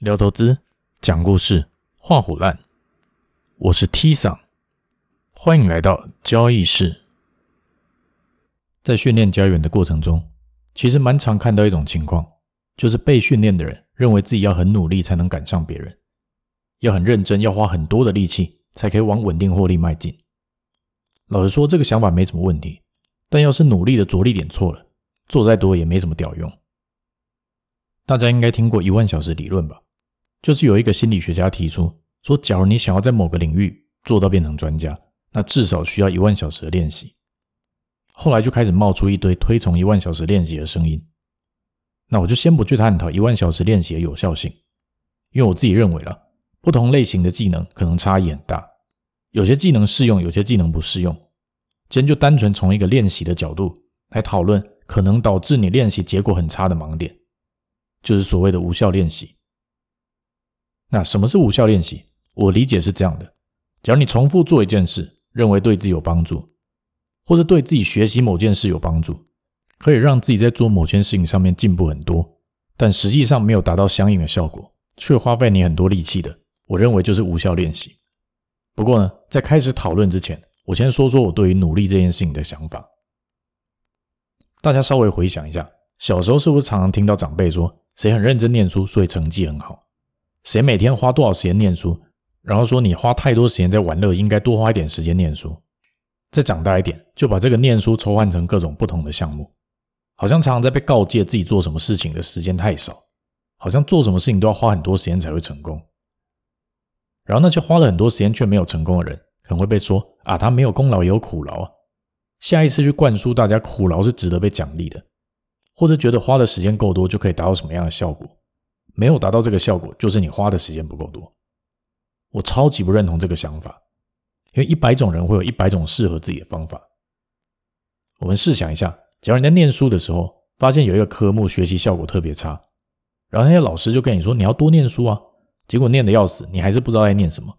聊投資，講故事，畫虎爛，我是 T 桑，歡迎來到交易室。在訓練交易員的過程中，其實蠻常看到一種情況，就是被訓練的人認為自己要很努力才能趕上別人，要很認真，要花很多的力氣才可以往穩定獲利邁進。老實說，這個想法沒什麼問題，但要是努力的着力點錯了，做再多也沒什麼屌用。大家應該聽過一萬小時理論吧？就是有一個心理學家提出說，假如你想要在某個領域做到變成專家，那至少需要一萬小時的練習。後來就開始冒出一堆推崇一萬小時練習的聲音。那我就先不去探討一萬小時練習的有效性，因為我自己認為啦，不同類型的技能可能差異很大，有些技能適用，有些技能不適用。今天就單純從一個練習的角度來討論可能導致你練習結果很差的盲點，就是所謂的無效練習。那什麼是無效練習？我理解是這樣的，假如你重複做一件事，認為對自己有幫助，或者對自己學習某件事有幫助，可以讓自己在做某件事情上面進步很多，但實際上沒有達到相應的效果，卻花費你很多力氣的，我認為就是無效練習。不過呢，在開始討論之前，我先說說我對於努力這件事情的想法。大家稍微回想一下，小時候是不是常常聽到長輩說，誰很認真唸書，所以成績很好？誰每天花多少時間念書？然後說你花太多時間在玩樂，應該多花一點時間念書。再長大一點，就把這個念書抽換成各種不同的項目。好像常常在被告誡自己做什麼事情的時間太少，好像做什麼事情都要花很多時間才會成功。然後那些花了很多時間卻沒有成功的人，可能會被說啊，他沒有功勞也有苦勞啊。下一次去灌輸大家苦勞是值得被獎勵的，或者覺得花的時間夠多就可以達到什麼樣的效果。沒有達到這個效果，就是你花的時間不夠多。我超級不認同這個想法，因為一百種人會有一百種適合自己的方法。我們試想一下，假如你在念書的時候發現有一個科目學習效果特別差，然後那些老師就跟你說你要多念書啊，結果念的要死，你還是不知道在念什麼，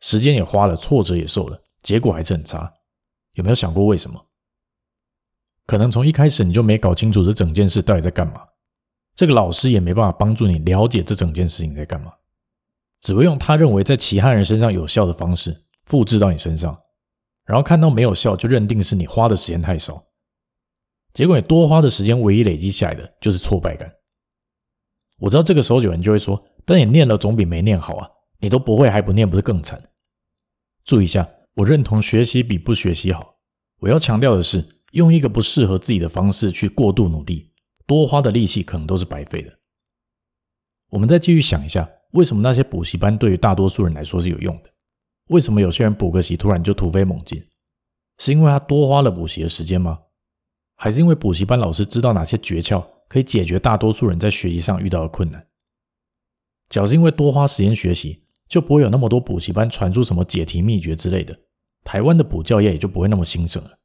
時間也花了，挫折也受了，結果還是很差。有沒有想過為什麼？可能從一開始你就沒搞清楚這整件事到底在幹嘛。這個老師也沒辦法幫助你了解這整件事情在幹嘛，只會用他認為在其他人身上有效的方式複製到你身上，然後看到沒有效就認定是你花的時間太少，結果你多花的時間唯一累積下來的就是挫敗感。我知道這個時候有人就會說，但你念了總比沒念好啊，你都不會還不念不是更慘？注意一下，我認同學習比不學習好，我要強調的是，用一個不適合自己的方式去過度努力。多花的力氣可能都是白費的。我們再繼續想一下，為什麼那些補習班對於大多數人來說是有用的？為什麼有些人補個習突然就突飛猛進？是因為他多花了補習的時間嗎？還是因為補習班老師知道哪些訣竅可以解決大多數人在學習上遇到的困難？假如是因為多花時間學習，就不會有那麼多補習班傳出什麼解題祕訣之類的，台灣的補教業也就不會那麼興盛了。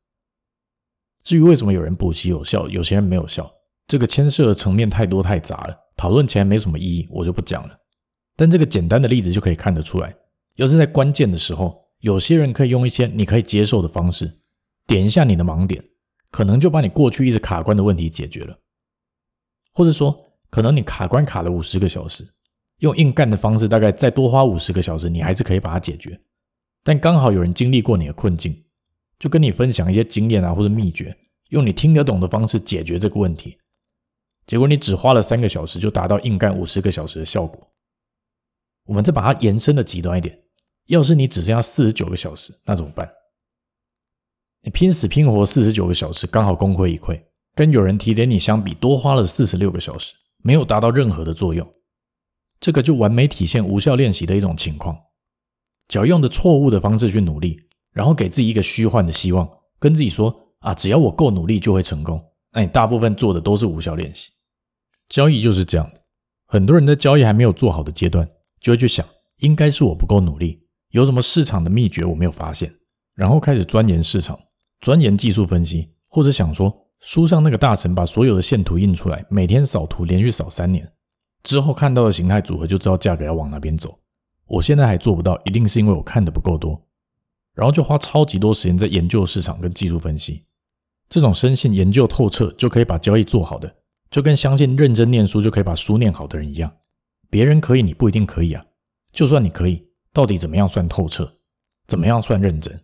至於為什麼有人補習有效，有些人沒有效？這個牽涉的層面太多太雜了，討論起來沒什麼意義，我就不講了。但這個簡單的例子就可以看得出來，要是在關鍵的時候，有些人可以用一些你可以接受的方式，點一下你的盲點，可能就把你過去一直卡關的問題解決了。或者說，可能你卡關卡了五十個小時，用硬幹的方式，大概再多花五十個小時，你還是可以把它解決。但剛好有人經歷過你的困境，就跟你分享一些經驗啊，或者秘訣，用你聽得懂的方式解決這個問題。結果你只花了三個小時，就達到硬幹五十個小時的效果。我們再把它延伸的極端一點，要是你只剩下四十九個小時，那怎麼辦？你拼死拼活四十九個小時，剛好功虧一簣，跟有人提點你相比，多花了四十六個小時，沒有達到任何的作用。這個就完美體現無效練習的一種情況。只要用著錯誤的方式去努力，然後給自己一個虛幻的希望，跟自己說啊，只要我夠努力，就會成功。那你大部分做的都是無效練習，交易就是這樣的。很多人在交易還沒有做好的階段，就會去想，應該是我不夠努力，有什麼市場的秘訣我沒有發現，然後開始鑽研市場，鑽研技術分析，或者想說書上那個大神把所有的線圖印出來，每天掃圖，連續掃三年之後看到的形態組合就知道價格要往哪邊走。我現在還做不到，一定是因為我看的不夠多，然後就花超級多時間在研究市場跟技術分析。這種深信研究透徹就可以把交易做好的，就跟相信認真唸書就可以把書唸好的人一樣。別人可以，你不一定可以啊。就算你可以，到底怎麼樣算透徹，怎麼樣算認真？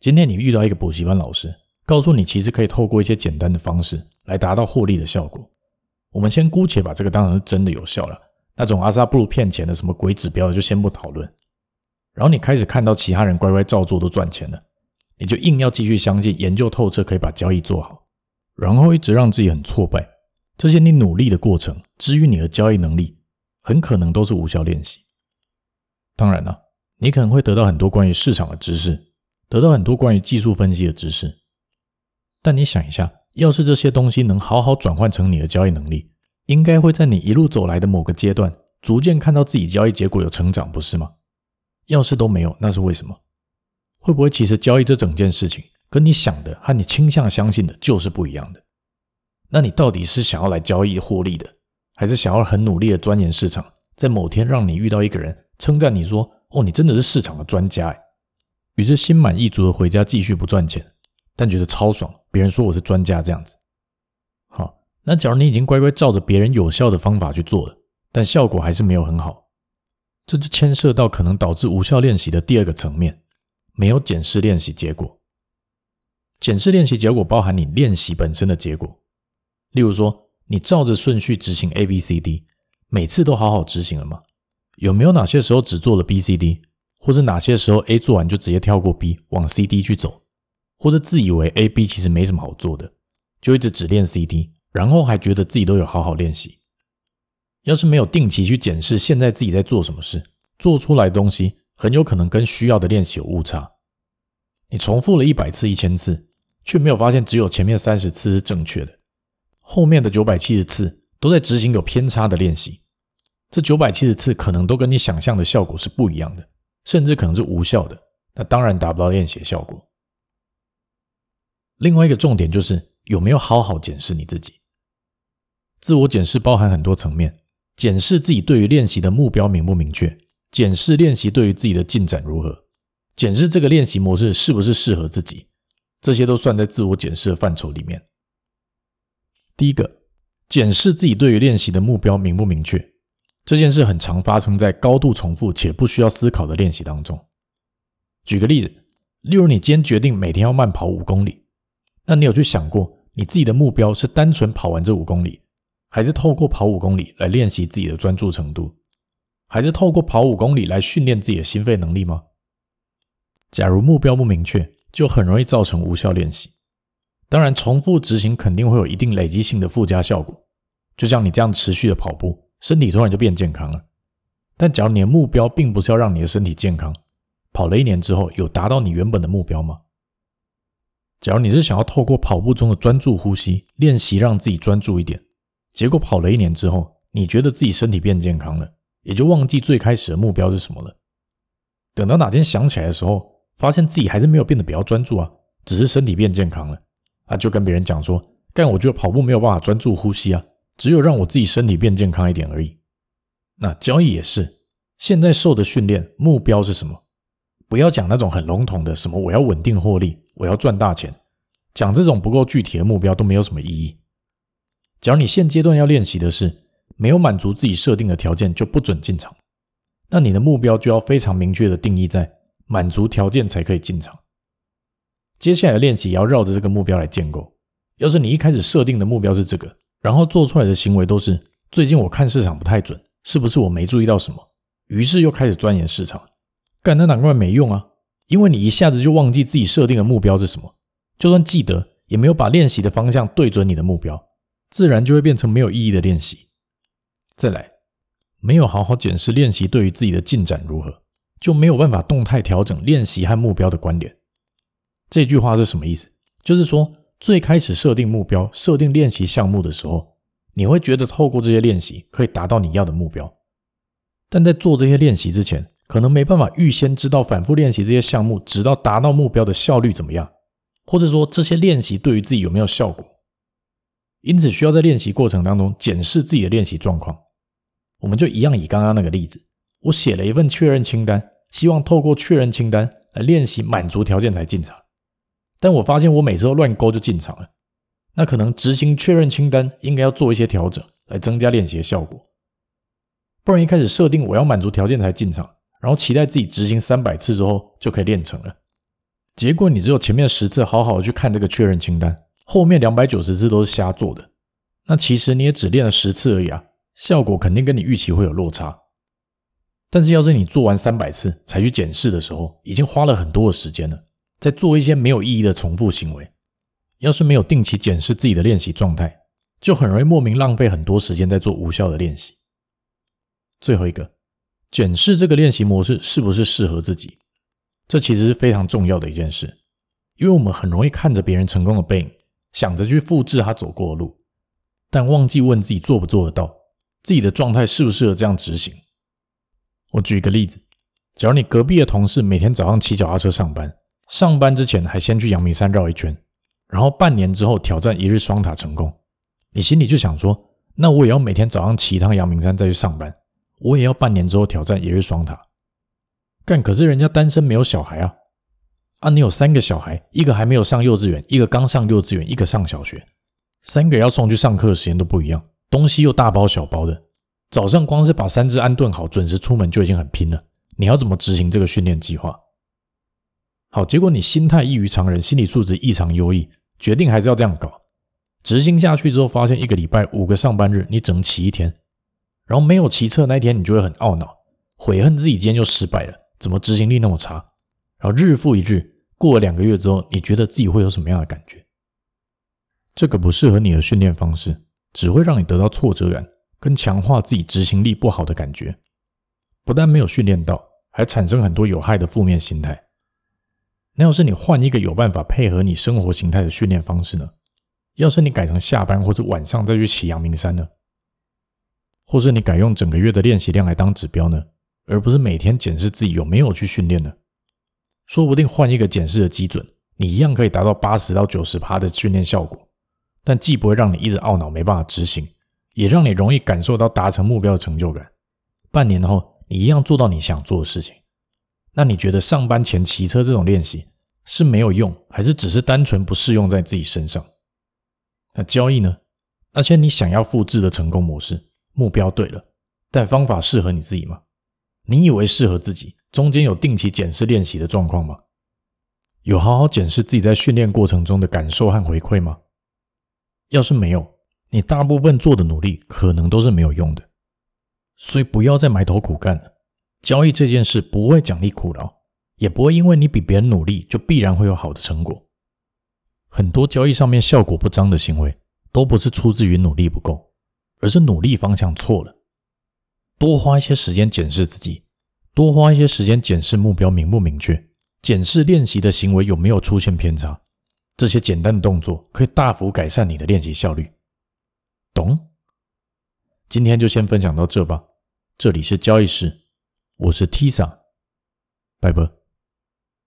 今天你遇到一個補習班老師，告訴你其實可以透過一些簡單的方式來達到獲利的效果。我們先姑且把這個當成真的有效了。那種阿薩布魯騙錢的什麼鬼指標，就先不討論。然後你開始看到其他人乖乖照做都賺錢了。你就硬要繼續相信研究透徹可以把交易做好，然後一直讓自己很挫敗。這些你努力的過程，之於你的交易能力，很可能都是無效練習。當然了，你可能會得到很多關於市場的知識，得到很多關於技術分析的知識。但你想一下，要是這些東西能好好轉換成你的交易能力，應該會在你一路走來的某個階段，逐漸看到自己交易結果有成長，不是嗎？要是都沒有，那是為什麼？會不會其實交易這整件事情跟你想的和你傾向相信的就是不一樣的？那你到底是想要來交易獲利的，還是想要很努力的鑽研市場，在某天讓你遇到一個人稱讚你說：“哦，你真的是市場的專家。”哎，於是心滿意足的回家繼續不賺錢，但覺得超爽。別人說我是專家這樣子。好，那假如你已經乖乖照着別人有效的方法去做了，但效果還是沒有很好，這就牽涉到可能導致無效練習的第二個層面。沒有檢視練習結果。檢視練習結果包含你練習本身的結果，例如說，你照着順序執行 A B C D，每次都好好執行了嗎？有沒有哪些時候只做了 B C D，或者哪些時候 A 做完就直接跳過 B，往 C D 去走，或者自以為 A B 其實沒什麼好做的，就一直只練 C D，然後還覺得自己都有好好練習。要是沒有定期去檢視現在自己在做什麼事，做出來東西，很有可能跟需要的練習有誤差。你重複了一百次、一千次，卻沒有發現只有前面三十次是正確的，後面的九百七十次都在執行有偏差的練習。這九百七十次可能都跟你想象的效果是不一樣的，甚至可能是無效的。那當然達不到練習效果。另外一個重點就是有沒有好好檢視你自己。自我檢視包含很多層面，檢視自己對於練習的目標明不明確。檢視練習對於自己的進展如何？檢視這個練習模式是不是適合自己？這些都算在自我檢視的範疇裡面。第一個，檢視自己對於練習的目標明不明確？這件事很常發生在高度重複且不需要思考的練習當中。舉個例子，例如你今天決定每天要慢跑五公里，那你有去想過你自己的目標是單純跑完這五公里，還是透過跑五公里來練習自己的專注程度？還是透過跑五公里來訓練自己的心肺能力嗎？假如目標不明確，就很容易造成無效練習。當然，重複執行肯定會有一定累積性的附加效果，就像你這樣持續的跑步，身體突然就變健康了。但假如你的目標並不是要讓你的身體健康，跑了一年之後，有達到你原本的目標嗎？假如你是想要透過跑步中的專注呼吸練習讓自己專注一點，結果跑了一年之後，你覺得自己身體變健康了。也就忘記最開始的目標是什麼了。等到哪天想起來的時候，發現自己還是沒有變得比較專注啊，只是身體變健康了啊，就跟別人講說，但我覺得跑步沒有辦法專注呼吸啊，只有讓我自己身體變健康一點而已。那交易也是，現在受的訓練目標是什麼？不要講那種很籠統的什麼我要穩定獲利，我要賺大錢，講這種不夠具體的目標都沒有什麼意義。假如你現階段要練習的是。沒有滿足自己設定的條件就不准進場，那你的目標就要非常明確的定義在滿足條件才可以進場。接下來的練習也要繞着這個目標來建構。要是你一開始設定的目標是這個，然後做出來的行為都是最近我看市場不太準，是不是我沒注意到什麼？於是又開始鑽研市場，幹那難怪沒用啊，因為你一下子就忘記自己設定的目標是什麼，就算記得也沒有把練習的方向對準你的目標，自然就會變成沒有意義的練習。再來，沒有好好檢視練習對於自己的進展如何，就沒有辦法動態調整練習和目標的關聯。這句話是什麼意思？就是說，最開始設定目標、設定練習項目的時候，你會覺得透過這些練習可以達到你要的目標，但在做這些練習之前，可能沒辦法預先知道反覆練習這些項目直到達到目標的效率怎麼樣，或者說這些練習對於自己有沒有效果。因此，需要在練習過程當中檢視自己的練習狀況。我們就一樣以剛剛那個例子，我寫了一份確認清單，希望透過確認清單來練習滿足條件才進場。但我發現我每次都亂勾就進場了，那可能執行確認清單應該要做一些調整，來增加練習的效果。不然一開始設定我要滿足條件才進場，然後期待自己執行三百次之後就可以練成了，結果你只有前面的十次好好的去看這個確認清單，後面兩百九十次都是瞎做的，那其實你也只練了十次而已啊。效果肯定跟你預期會有落差，但是要是你做完三百次才去檢視的時候，已經花了很多的時間了，在做一些沒有意義的重複行為。要是沒有定期檢視自己的練習狀態，就很容易莫名浪費很多時間在做無效的練習。最後一個，檢視這個練習模式是不是適合自己，這其實是非常重要的一件事，因為我們很容易看着別人成功的背影，想着去複制他走過的路，但忘記問自己做不做得到。自己的狀態適不適合這樣執行？我舉一個例子，假如你隔壁的同事每天早上騎腳踏車上班，上班之前還先去陽明山繞一圈，然後半年之後挑戰一日雙塔成功，你心裡就想說：“那我也要每天早上騎一趟陽明山再去上班，我也要半年之後挑戰一日雙塔。”幹，可是人家單身沒有小孩啊，啊，你有三個小孩，一個還沒有上幼稚園，一個剛上幼稚園，一個上小學，三個要送去上課的時間都不一樣。東西又大包小包的，早上光是把三隻安頓好，準時出門就已經很拼了。你要怎麼執行這個訓練計劃？好，結果你心態異於常人，心理素質異常優異，決定還是要這樣搞。執行下去之後，發現一個禮拜五個上班日，你只能騎一天，然後沒有騎車那一天，你就會很懊惱、悔恨自己今天就失敗了，怎麼執行力那麼差？然後日復一日，過了兩個月之後，你覺得自己會有什麼樣的感覺？這個不適合你的訓練方式。只會讓你得到挫折感，跟強化自己執行力不好的感覺，不但沒有訓練到，還產生很多有害的負面心態。那要是你換一個有辦法配合你生活形態的訓練方式呢？要是你改成下班或者晚上再去騎陽明山呢？或是你改用整個月的練習量來當指標呢？而不是每天檢視自己有沒有去訓練呢？說不定換一個檢視的基準，你一樣可以達到八十到九十趴的訓練效果。但既不會讓你一直懊惱沒辦法執行，也讓你容易感受到達成目標的成就感。半年後，你一樣做到你想做的事情。那你覺得上班前騎車這種練習是沒有用，還是只是單純不適用在自己身上？那交易呢？那些你想要複製的成功模式，目標對了，但方法適合你自己嗎？你以為適合自己，中間有定期檢視練習的狀況嗎？有好好檢視自己在訓練過程中的感受和回饋嗎？要是沒有，你大部分做的努力可能都是沒有用的，所以不要再埋頭苦幹了。交易這件事不會獎勵苦勞，也不會因為你比別人努力就必然會有好的成果。很多交易上面效果不彰的行為，都不是出自於努力不夠，而是努力方向錯了。多花一些時間檢視自己，多花一些時間檢視目標明不明確，檢視練習的行為有沒有出現偏差。這些簡單的動作可以大幅改善你的練習效率，懂？今天就先分享到這吧。這裡是交易事，我是 Tisa，拜拜。